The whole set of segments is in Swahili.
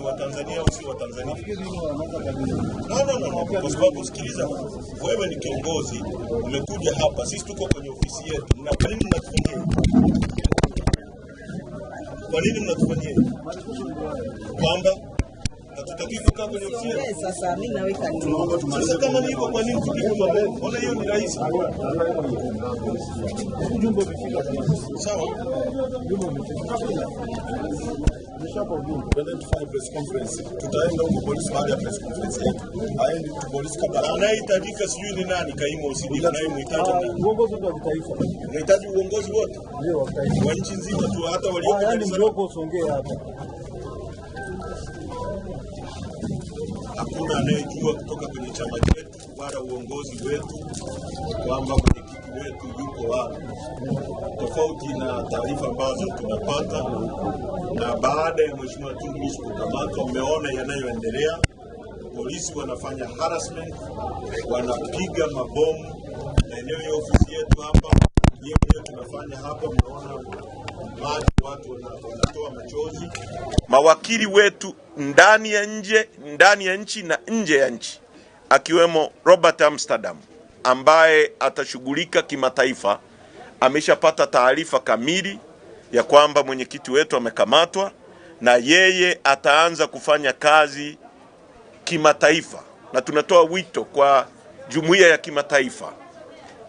ni Watanzania au sio Watanzania? No, no, no, no. Kwa sababu sikiliza, wewe ni kiongozi, umekuja hapa, sisi tuko kwenye ofisi yetu. Kwa nini mnatufanyia? Kwa nini mnatufanyia kwamba tatizo kama ni ofisi. Sasa mimi naweka nini? Sasa kama ni hivyo, kwa nini tukipe mabeki? Ona hiyo ni rahisi. Ujumbe umefika. Sawa. Ujumbe umefika Anayehitajika sijui ni nani, kaimu OCD ah, uongozi wote wa nchi nzima tu, hata walioko ah, hakuna anayejua kutoka kwenye chama chetu wala uongozi wetu kwamba mwenyekiti wetu yuko wapi, tofauti na taarifa ambazo tunapata. Na baada ya mheshimiwa Tunis kukamatwa, mmeona yanayoendelea. Polisi wanafanya harassment, wanapiga mabomu maeneo ya ofisi yetu hapa, yeye tunafanya hapa, mmeona watu wanatoa machozi. Mawakili wetu ndani ya nje, ndani ya nchi na nje ya nchi, akiwemo Robert Amsterdam ambaye atashughulika kimataifa, ameshapata taarifa kamili ya kwamba mwenyekiti wetu amekamatwa, na yeye ataanza kufanya kazi kimataifa, na tunatoa wito kwa jumuiya ya kimataifa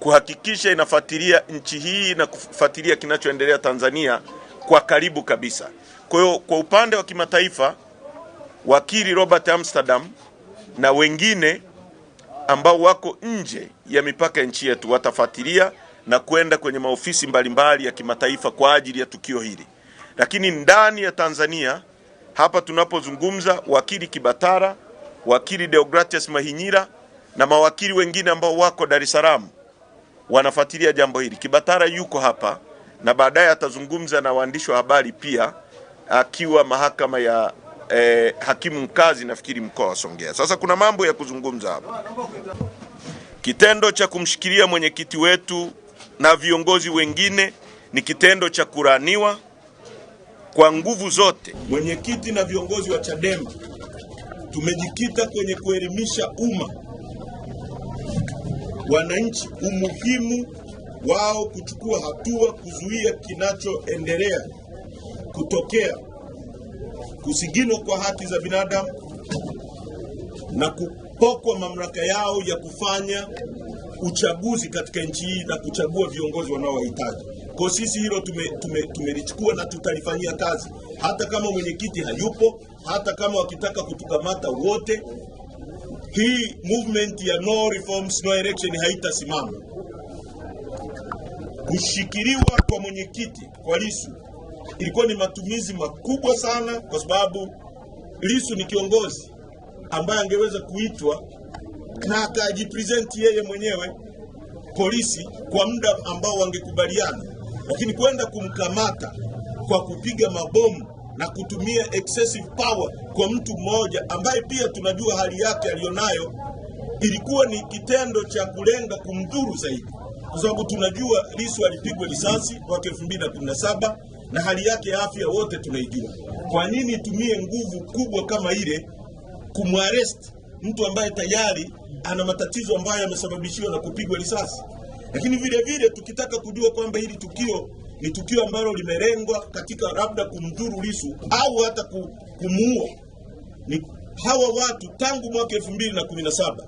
kuhakikisha inafuatilia nchi hii na kufuatilia kinachoendelea Tanzania kwa karibu kabisa. Kwa hiyo kwa upande wa kimataifa, wakili Robert Amsterdam na wengine ambao wako nje ya mipaka ya nchi yetu watafuatilia na kwenda kwenye maofisi mbalimbali mbali ya kimataifa kwa ajili ya tukio hili. Lakini ndani ya Tanzania hapa tunapozungumza, wakili Kibatara, wakili Deogratias Mahinyira na mawakili wengine ambao wako Dar es Salaam wanafuatilia jambo hili. Kibatara yuko hapa na baadaye atazungumza na waandishi wa habari pia akiwa mahakama ya eh, hakimu mkazi nafikiri mkoa wa Songea. Sasa kuna mambo ya kuzungumza hapa. Kitendo cha kumshikilia mwenyekiti wetu na viongozi wengine ni kitendo cha kulaaniwa kwa nguvu zote. Mwenyekiti na viongozi wa Chadema tumejikita kwenye kuelimisha umma wananchi umuhimu wao kuchukua hatua kuzuia kinachoendelea kutokea, kusiginwa kwa haki za binadamu na kupokwa mamlaka yao ya kufanya uchaguzi katika nchi hii na kuchagua viongozi wanaowahitaji. Kwa sisi hilo tumelichukua tume, tume na tutalifanyia kazi, hata kama mwenyekiti hayupo, hata kama wakitaka kutukamata wote hii movement ya no reforms no election haitasimama. Kushikiliwa kwa mwenyekiti kwa Lisu ilikuwa ni matumizi makubwa sana, kwa sababu Lisu ni kiongozi ambaye angeweza kuitwa na akajipresenti yeye mwenyewe polisi kwa muda ambao wangekubaliana, lakini kwenda kumkamata kwa kupiga mabomu na kutumia excessive power kwa mtu mmoja ambaye pia tunajua hali yake aliyonayo, ilikuwa ni kitendo cha kulenga kumdhuru zaidi, kwa sababu tunajua Lissu alipigwa risasi mwaka 2017 na hali yake ya afya wote tunaijua. Kwa nini tumie nguvu kubwa kama ile kumwarest mtu ambaye tayari ana matatizo ambayo yamesababishiwa na kupigwa risasi? Lakini vile vile tukitaka kujua kwamba hili tukio ni tukio ambalo limelengwa katika labda kumdhuru lisu au hata kumuua. Ni hawa watu tangu mwaka elfu mbili na kumi na saba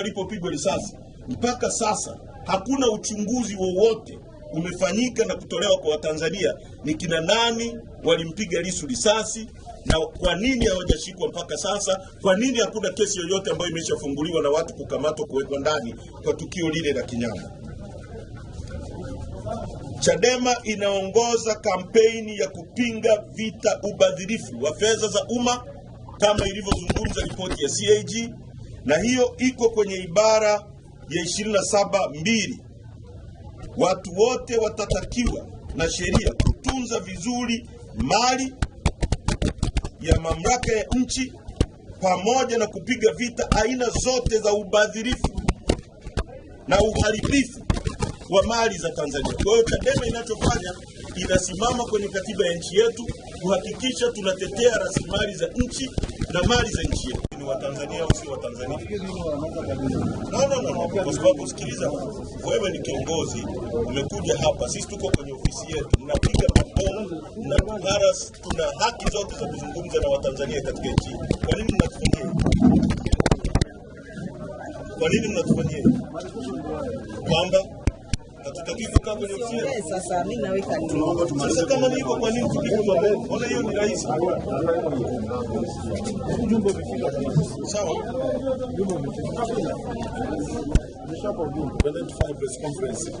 alipopigwa risasi mpaka sasa hakuna uchunguzi wowote umefanyika na kutolewa kwa Watanzania ni kina nani walimpiga Lisu risasi na kwa nini hawajashikwa mpaka sasa? Kwa nini hakuna kesi yoyote ambayo imeshafunguliwa na watu kukamatwa kuwekwa ndani kwa tukio lile la kinyama? Chadema inaongoza kampeni ya kupinga vita ubadhirifu wa fedha za umma kama ilivyozungumza ripoti ya CAG, na hiyo iko kwenye ibara ya 27.2. Watu wote watatakiwa na sheria kutunza vizuri mali ya mamlaka ya nchi pamoja na kupiga vita aina zote za ubadhirifu na uharibifu wa mali za Tanzania. Kwa hiyo Chadema inachofanya inasimama kwenye katiba ya nchi yetu kuhakikisha tunatetea rasilimali za nchi na mali za nchi yetu. Ni Watanzania au sio Watanzania? No, no, no, kwa sababu sikiliza, wewe ni kiongozi, umekuja hapa, sisi tuko kwenye ofisi yetu, napiga mabomu na haras, tuna haki zote za kuzungumza na Watanzania katika nchi. Kwa nini mnatufanyia kwa nini mnatufanyia kwamba Hatutakivuka kwenye mzee. Sasa mimi naweka nini? Sasa kama ni hivyo, kwa nini tukivuka mbele? Ona hiyo ni rahisi. Ujumbe umefika. Sawa,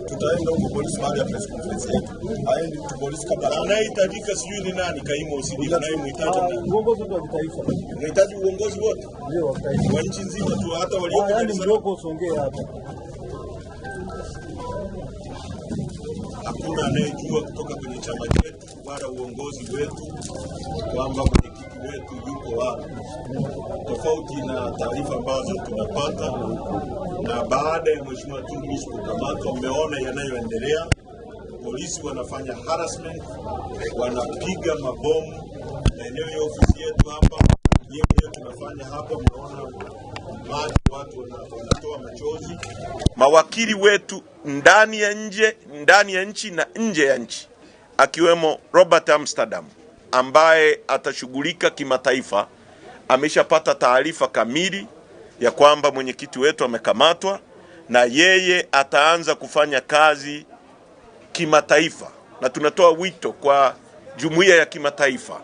Tutaenda huko polisi baada ya press conference yetu, aende polisi Kabaranga. Anayehitajika sijui ni nani, kaimu OCD anayemhitaji uongozi unahitaji uongozi wote wa nchi nzima tu, hata walioko ah, yaani hakuna anayejua kutoka kwenye chama chetu wala uongozi wetu kwamba mwenyekiti wetu yuko wapi, tofauti na taarifa ambazo tunapata. Na baada ya mheshimiwa Tunis kukamatwa, mmeona yanayoendelea. Polisi wanafanya harassment, wanapiga mabomu maeneo ya ofisi yetu hapa, yeye tunafanya hapa, mnaona maji, watu wanatoa machozi, mawakili wetu ndani ya nje ndani ya nchi na nje ya nchi akiwemo Robert Amsterdam ambaye atashughulika kimataifa. Ameshapata taarifa kamili ya kwamba mwenyekiti wetu amekamatwa, na yeye ataanza kufanya kazi kimataifa, na tunatoa wito kwa jumuiya ya kimataifa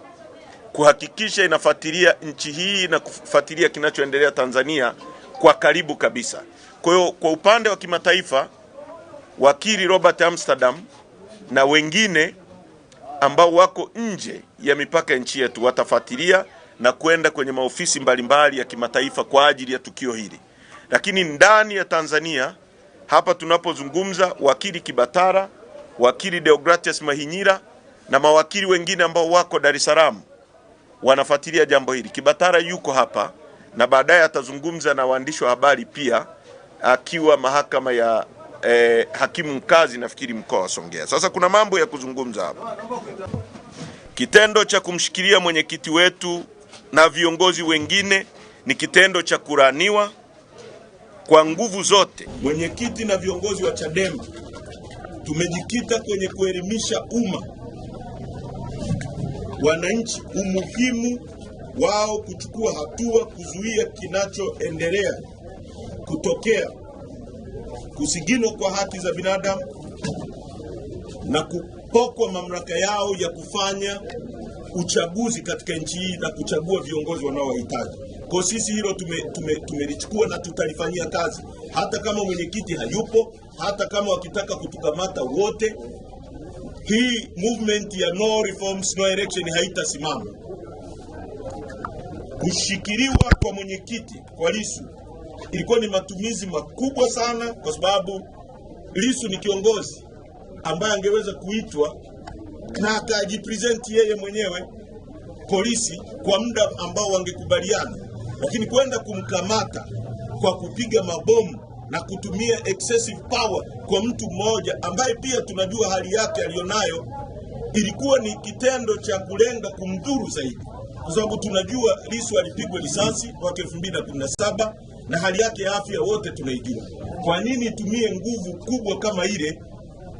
kuhakikisha inafuatilia nchi hii na kufuatilia kinachoendelea Tanzania kwa karibu kabisa. Kwa hiyo kwa upande wa kimataifa wakili Robert Amsterdam na wengine ambao wako nje ya mipaka ya nchi yetu watafuatilia na kwenda kwenye maofisi mbalimbali mbali ya kimataifa kwa ajili ya tukio hili. Lakini ndani ya Tanzania hapa tunapozungumza, wakili Kibatara, wakili Deogratias Mahinyira na mawakili wengine ambao wako Dar es Salaam wanafuatilia jambo hili. Kibatara yuko hapa na baadaye atazungumza na waandishi wa habari pia akiwa mahakama ya eh, hakimu mkazi nafikiri mkoa wa Songea. Sasa kuna mambo ya kuzungumza hapa. Kitendo cha kumshikilia mwenyekiti wetu na viongozi wengine ni kitendo cha kuraniwa kwa nguvu zote. Mwenyekiti na viongozi wa Chadema tumejikita kwenye kuelimisha umma, wananchi, umuhimu wao kuchukua hatua kuzuia kinachoendelea kutokea kusigino kwa haki za binadamu na kupokwa mamlaka yao ya kufanya uchaguzi katika nchi hii na kuchagua viongozi wanaowahitaji. Kwa sisi hilo tumelichukua tume, tume na tutalifanyia kazi, hata kama mwenyekiti hayupo, hata kama wakitaka kutukamata wote. Hii movement ya no reforms, no election haitasimama. Kushikiliwa kwa mwenyekiti kwa Lisu ilikuwa ni matumizi makubwa sana, kwa sababu lisu ni kiongozi ambaye angeweza kuitwa na akajipresenti yeye mwenyewe polisi kwa muda ambao wangekubaliana, lakini kwenda kumkamata kwa kupiga mabomu na kutumia excessive power kwa mtu mmoja ambaye pia tunajua hali yake aliyonayo, ilikuwa ni kitendo cha kulenga kumdhuru zaidi, kwa sababu tunajua Lissu alipigwa risasi mwaka 2017 na hali yake ya afya wote tunaijua. Kwa nini tumie nguvu kubwa kama ile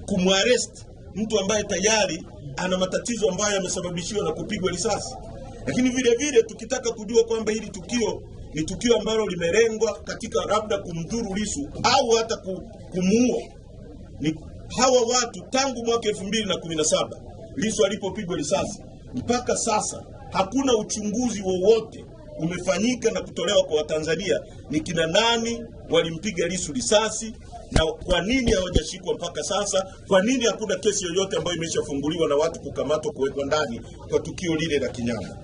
kumwarest mtu ambaye tayari ana matatizo ambayo yamesababishiwa na kupigwa risasi? Lakini vile vile tukitaka kujua kwamba hili tukio ni tukio ambalo limelengwa katika labda kumdhuru lisu au hata kumuua, ni hawa watu tangu mwaka elfu mbili na kumi na saba Lisu alipopigwa risasi mpaka sasa hakuna uchunguzi wowote umefanyika na kutolewa kwa Watanzania ni kina nani walimpiga Lissu risasi na kwa nini hawajashikwa mpaka sasa? Kwa nini hakuna kesi yoyote ambayo imeshafunguliwa na watu kukamatwa kuwekwa ndani kwa tukio lile la kinyama?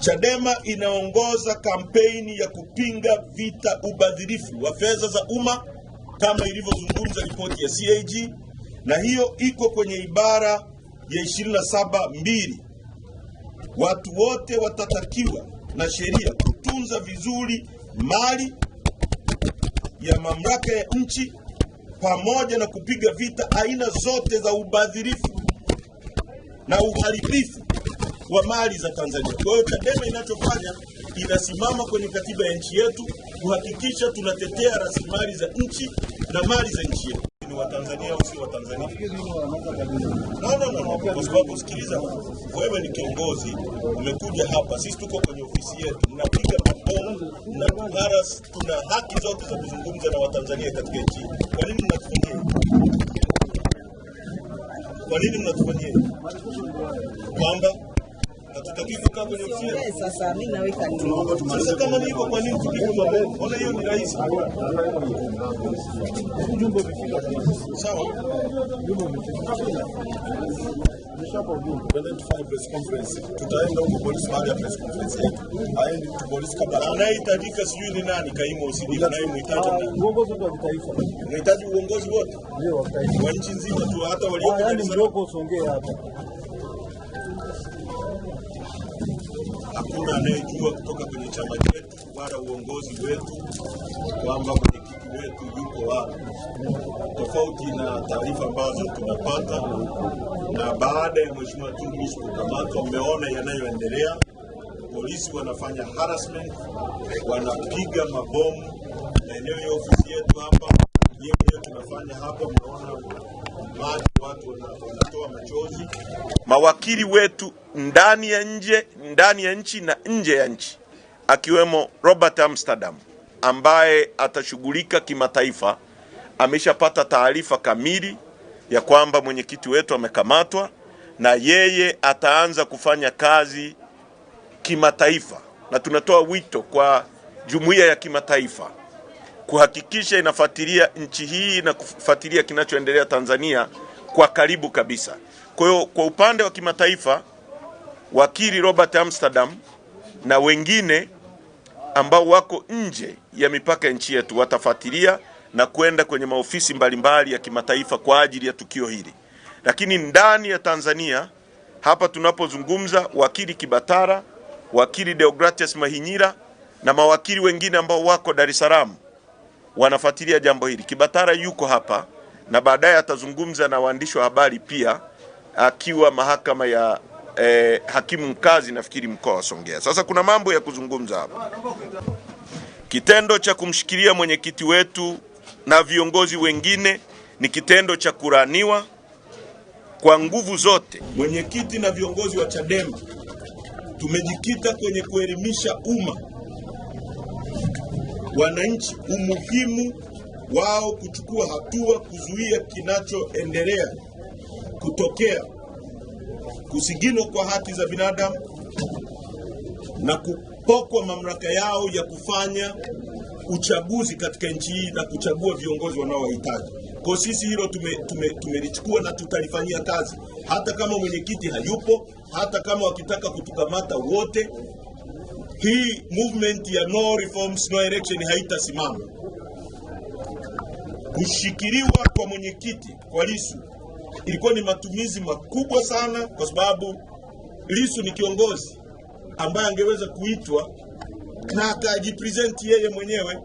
Chadema inaongoza kampeni ya kupinga vita ubadhirifu wa fedha za umma kama ilivyozungumza ripoti ya CAG, na hiyo iko kwenye ibara ya 27 mbili Watu wote watatakiwa na sheria kutunza vizuri mali ya mamlaka ya nchi pamoja na kupiga vita aina zote za ubadhirifu na uharibifu wa mali za Tanzania. Kwa hiyo Chadema inachofanya inasimama kwenye katiba ya nchi yetu kuhakikisha tunatetea rasilimali za nchi na mali za nchi yetu. Watanzania au si Watanzania? No, no, no, no. Kwa sababu sikiliza, wewe ni kiongozi, umekuja hapa, sisi tuko kwenye ofisi yetu, napiga mabomu na tuharas, tuna haki zote za kuzungumza na Watanzania katika nchi. Kwa nini mnatufanyia? Kwa nini mnatufanyia kwamba tatizo kaa kwenye msingi. Sasa mimi naweka nini? Sasa kama ni hivyo, kwa nini tupige mabeki? Ona hiyo ni rahisi. Ujumbe umefika. Sawa, ujumbe umefika Anayehitajika sijui ni nani, kaimu OCD anayemhitaji unahitaji uongozi wote wa nchi nzima tu, hata walio ah, yaani hakuna anayejua kutoka kwenye chama chetu wala uongozi wetu kwamba mwenyekiti wetu yuko wapi, tofauti na taarifa ambazo tunapata. Na baada ya mheshimiwa Turusu kukamatwa, mmeona yanayoendelea. Polisi wanafanya harassment, wanapiga mabomu maeneo ya ofisi yetu hapa hiyo ndio tunafanya hapa. Mnaona umati, watu wanatoa machozi. Mawakili wetu ndani ya nje, ndani ya nchi na nje ya nchi, akiwemo Robert Amsterdam ambaye atashughulika kimataifa, ameshapata taarifa kamili ya kwamba mwenyekiti wetu amekamatwa, na yeye ataanza kufanya kazi kimataifa, na tunatoa wito kwa jumuiya ya kimataifa kuhakikisha inafuatilia nchi hii na kufuatilia kinachoendelea Tanzania kwa karibu kabisa. Kwa hiyo kwa upande wa kimataifa, wakili Robert Amsterdam na wengine ambao wako nje ya mipaka ya nchi yetu watafuatilia na kwenda kwenye maofisi mbalimbali mbali ya kimataifa kwa ajili ya tukio hili. Lakini ndani ya Tanzania hapa tunapozungumza, wakili Kibatara, wakili Deogratias Mahinyira na mawakili wengine ambao wako Dar es Salaam wanafuatilia jambo hili. Kibatara yuko hapa na baadaye atazungumza na waandishi wa habari pia akiwa mahakama ya eh, hakimu mkazi nafikiri mkoa wa Songea. Sasa kuna mambo ya kuzungumza hapa. Kitendo cha kumshikilia mwenyekiti wetu na viongozi wengine ni kitendo cha kulaaniwa kwa nguvu zote. Mwenyekiti na viongozi wa Chadema tumejikita kwenye kuelimisha umma wananchi umuhimu wao kuchukua hatua kuzuia kinachoendelea kutokea, kusiginwa kwa haki za binadamu na kupokwa mamlaka yao ya kufanya uchaguzi katika nchi hii na kuchagua viongozi wanaowahitaji. Kwa sisi hilo tumelichukua tume, tume na tutalifanyia kazi, hata kama mwenyekiti hayupo, hata kama wakitaka kutukamata wote hii movement ya no reforms no election haitasimama. Kushikiliwa kwa mwenyekiti kwa Lisu ilikuwa ni matumizi makubwa sana, kwa sababu Lisu ni kiongozi ambaye angeweza kuitwa na akajipresenti yeye mwenyewe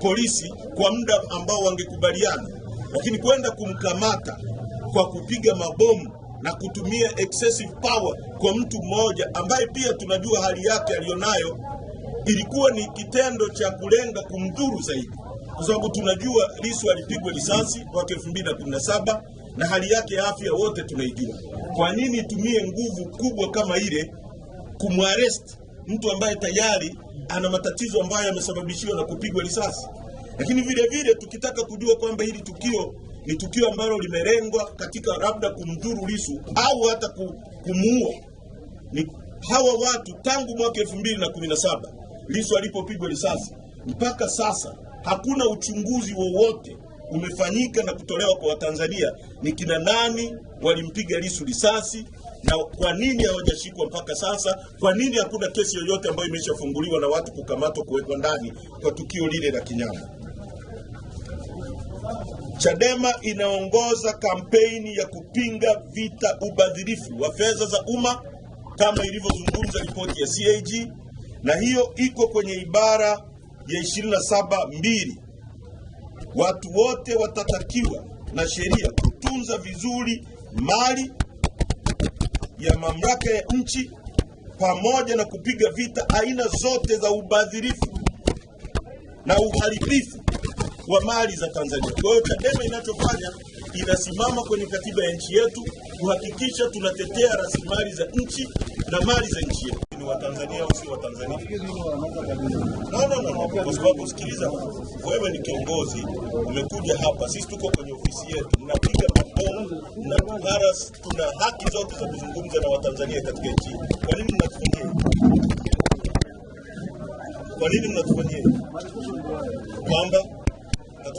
polisi kwa muda ambao wangekubaliana, lakini kwenda kumkamata kwa kupiga mabomu na kutumia excessive power kwa mtu mmoja ambaye pia tunajua hali yake aliyonayo, ilikuwa ni kitendo cha kulenga kumdhuru zaidi, kwa sababu tunajua Lissu alipigwa risasi mwaka 2017 na hali yake ya afya wote tunaijua. Kwa nini tumie nguvu kubwa kama ile kumwarest mtu ambaye tayari ana matatizo ambayo yamesababishiwa na kupigwa risasi? Lakini vile vile tukitaka kujua kwamba hili tukio ni tukio ambalo limelengwa katika labda kumdhuru Lissu au hata kumuua. Ni hawa watu tangu mwaka elfu mbili na kumi na saba Lissu alipopigwa risasi mpaka sasa hakuna uchunguzi wowote umefanyika na kutolewa kwa Watanzania ni kina nani walimpiga Lissu risasi na kwa nini hawajashikwa mpaka sasa? Kwa nini hakuna kesi yoyote ambayo imeshafunguliwa na watu kukamatwa kuwekwa ndani kwa tukio lile la kinyama? Chadema inaongoza kampeni ya kupinga vita ubadhirifu wa fedha za umma kama ilivyozungumza ripoti ya CAG, na hiyo iko kwenye ibara ya 27.2. Watu wote watatakiwa na sheria kutunza vizuri mali ya mamlaka ya nchi pamoja na kupiga vita aina zote za ubadhirifu na uharibifu wa mali za Tanzania. Kwa hiyo Chadema inachofanya inasimama kwenye katiba ya nchi yetu kuhakikisha tunatetea rasilimali za nchi na mali za nchi yetu. Ni Watanzania au sio Watanzania? No, no, no, kwa sababu sikiliza, wewe ni kiongozi, umekuja hapa, sisi tuko kwenye ofisi yetu, napiga mabomu na tuharas, tuna haki zote za kuzungumza na Watanzania katika nchi. Kwa nini mnatufanyia kwa nini mnatufanyia kwamba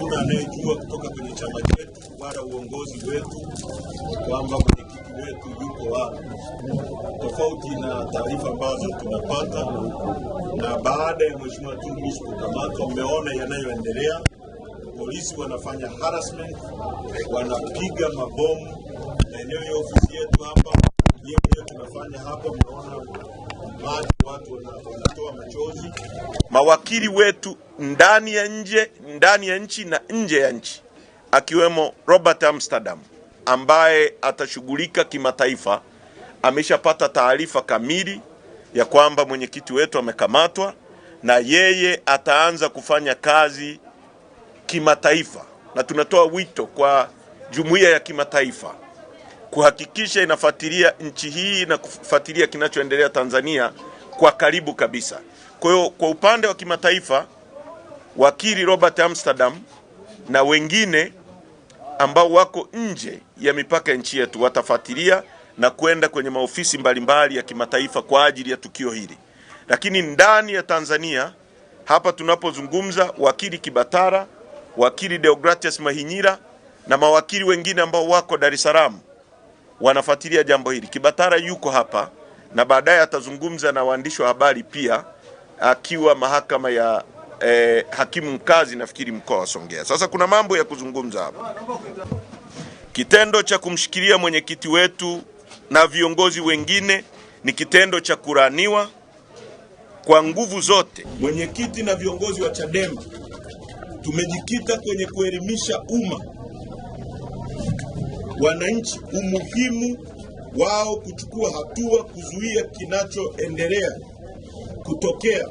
hakuna anayejua kutoka kwenye chama chetu wala uongozi wetu kwamba mwenyekiti wetu yuko wapi, tofauti na taarifa ambazo tunapata. Na baada ya mheshimiwa Tumis kukamatwa, mmeona yanayoendelea. Polisi wanafanya harassment, wanapiga mabomu maeneo ya ofisi yetu hapa hiyo ndio tunafanya hapo. Mnaona maji, watu wanatoa machozi. Mawakili wetu ndani ya nje, ndani ya nchi na nje ya nchi, akiwemo Robert Amsterdam ambaye atashughulika kimataifa, ameshapata taarifa kamili ya kwamba mwenyekiti wetu amekamatwa, na yeye ataanza kufanya kazi kimataifa, na tunatoa wito kwa jumuiya ya kimataifa kuhakikisha inafuatilia nchi hii na kufuatilia kinachoendelea Tanzania kwa karibu kabisa. Kwa hiyo kwa upande wa kimataifa, wakili Robert Amsterdam na wengine ambao wako nje ya mipaka ya nchi yetu watafuatilia na kwenda kwenye maofisi mbalimbali mbali ya kimataifa kwa ajili ya tukio hili. Lakini ndani ya Tanzania hapa tunapozungumza, wakili Kibatara, wakili Deogratias Mahinyira na mawakili wengine ambao wako Dar es Salaam wanafuatilia jambo hili. Kibatara yuko hapa na baadaye atazungumza na waandishi wa habari pia akiwa mahakama ya eh, hakimu mkazi nafikiri mkoa wa Songea. Sasa kuna mambo ya kuzungumza hapa. Kitendo cha kumshikilia mwenyekiti wetu na viongozi wengine ni kitendo cha kulaaniwa kwa nguvu zote. Mwenyekiti na viongozi wa Chadema tumejikita kwenye kuelimisha umma wananchi umuhimu wao kuchukua hatua kuzuia kinachoendelea kutokea,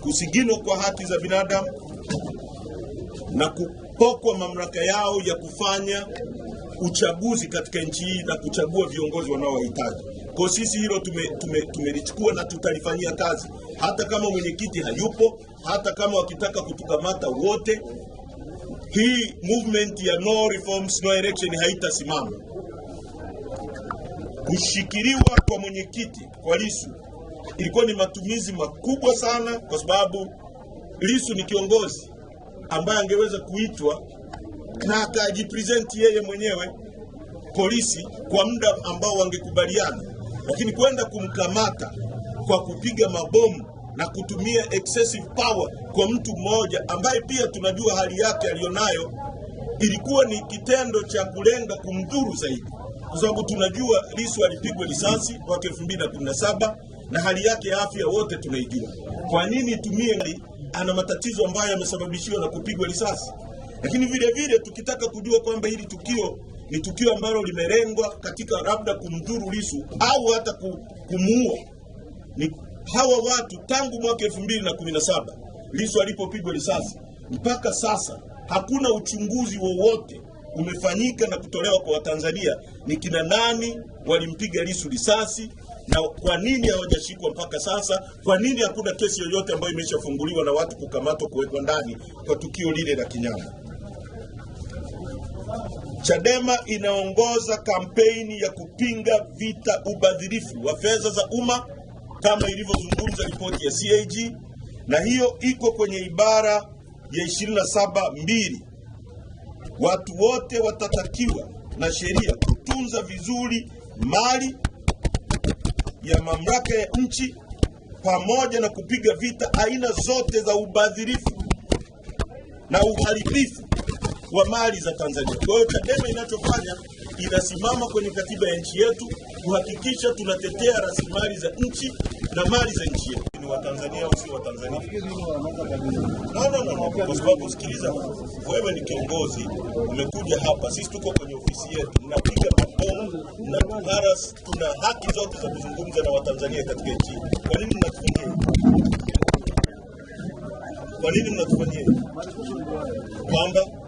kusiginwa kwa haki za binadamu na kupokwa mamlaka yao ya kufanya uchaguzi katika nchi hii na kuchagua viongozi wanaowahitaji. Kwa sisi hilo tumelichukua na tutalifanyia kazi, hata kama mwenyekiti hayupo, hata kama wakitaka kutukamata wote hii movement ya no reforms no election haitasimama. Kushikiliwa kwa mwenyekiti kwa Lisu ilikuwa ni matumizi makubwa sana, kwa sababu Lisu ni kiongozi ambaye angeweza kuitwa na akajipresenti yeye mwenyewe polisi kwa muda ambao wangekubaliana, lakini kwenda kumkamata kwa kupiga mabomu na kutumia excessive power kwa mtu mmoja ambaye pia tunajua hali yake aliyonayo, ilikuwa ni kitendo cha kulenga kumdhuru zaidi, kwa sababu tunajua Lissu alipigwa risasi mwaka 2017 na hali yake ya afya wote tunaijua. Kwa nini tumie? Ana matatizo ambayo yamesababishiwa na kupigwa risasi. Lakini vile vile tukitaka kujua kwamba hili tukio ni tukio ambalo limelengwa katika labda kumdhuru Lissu au hata kumuua, ni hawa watu tangu mwaka elfu mbili na kumi na saba Lissu alipopigwa risasi mpaka sasa hakuna uchunguzi wowote umefanyika na kutolewa kwa Watanzania ni kina nani walimpiga Lissu risasi na kwa nini hawajashikwa mpaka sasa? Kwa nini hakuna kesi yoyote ambayo imeshafunguliwa na watu kukamatwa, kuwekwa ndani kwa tukio lile la kinyama? Chadema inaongoza kampeni ya kupinga vita ubadhirifu wa fedha za umma kama ilivyozungumza ripoti ya CAG, na hiyo iko kwenye ibara ya 272 Watu wote watatakiwa na sheria kutunza vizuri mali ya mamlaka ya nchi pamoja na kupiga vita aina zote za ubadhirifu na uharibifu wa mali za Tanzania. Kwa hiyo Chadema inachofanya inasimama kwenye katiba ya nchi yetu kuhakikisha tunatetea rasilimali za nchi na mali za nchi yetu. Ni Watanzania au sio Watanzania? No, no, no, kwa sababu sikiliza, wewe ni kiongozi, umekuja hapa, sisi tuko kwenye ofisi yetu, mnapiga mabomu na haras tuna haki zote za kuzungumza na Watanzania katika nchi. Kwa nini mnatufanyia kwa nini mnatufanyia kwamba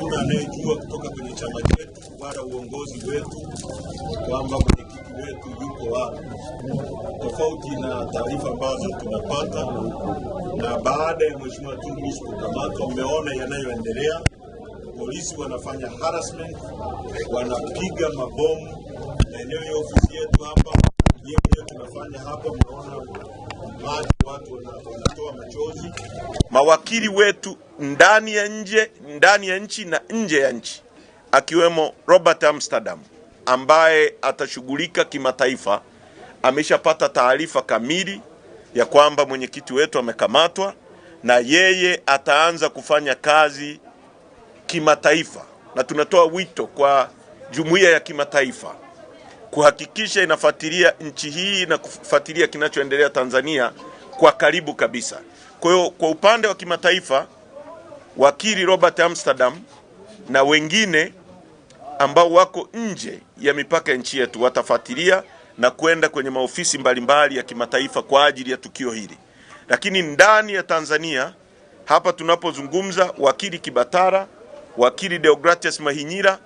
hakuna anayejua kutoka kwenye chama chetu wala uongozi wetu kwamba mwenyekiti wetu yuko wapi, tofauti na taarifa ambazo tunapata. Na baada ya mheshimiwa Turumisu kukamatwa, umeona yanayoendelea. Polisi wanafanya harassment, wanapiga mabomu maeneo ya ofisi yetu hapa, yeye tunafanya hapa, mnaona watu watu wanatoa machozi. Mawakili wetu ndani ya nje, ndani ya nchi na nje ya nchi, akiwemo Robert Amsterdam ambaye atashughulika kimataifa, ameshapata taarifa kamili ya kwamba mwenyekiti wetu amekamatwa, na yeye ataanza kufanya kazi kimataifa, na tunatoa wito kwa jumuiya ya kimataifa kuhakikisha inafuatilia nchi hii na kufuatilia kinachoendelea Tanzania kwa karibu kabisa. Kwa hiyo kwa upande wa kimataifa, wakili Robert Amsterdam na wengine ambao wako nje ya mipaka ya nchi yetu watafuatilia na kwenda kwenye maofisi mbalimbali mbali ya kimataifa kwa ajili ya tukio hili. Lakini ndani ya Tanzania hapa tunapozungumza, wakili Kibatara, wakili Deogratias Mahinyira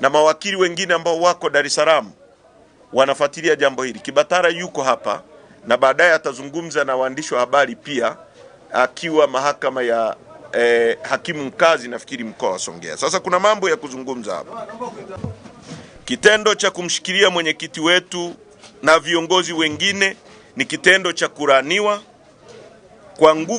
na mawakili wengine ambao wako Dar es Salaam wanafuatilia jambo hili. Kibatara yuko hapa na baadaye atazungumza na waandishi wa habari pia akiwa mahakama ya eh, hakimu mkazi nafikiri mkoa wa Songea. Sasa kuna mambo ya kuzungumza hapa. Kitendo cha kumshikilia mwenyekiti wetu na viongozi wengine ni kitendo cha kulaaniwa kwa nguvu.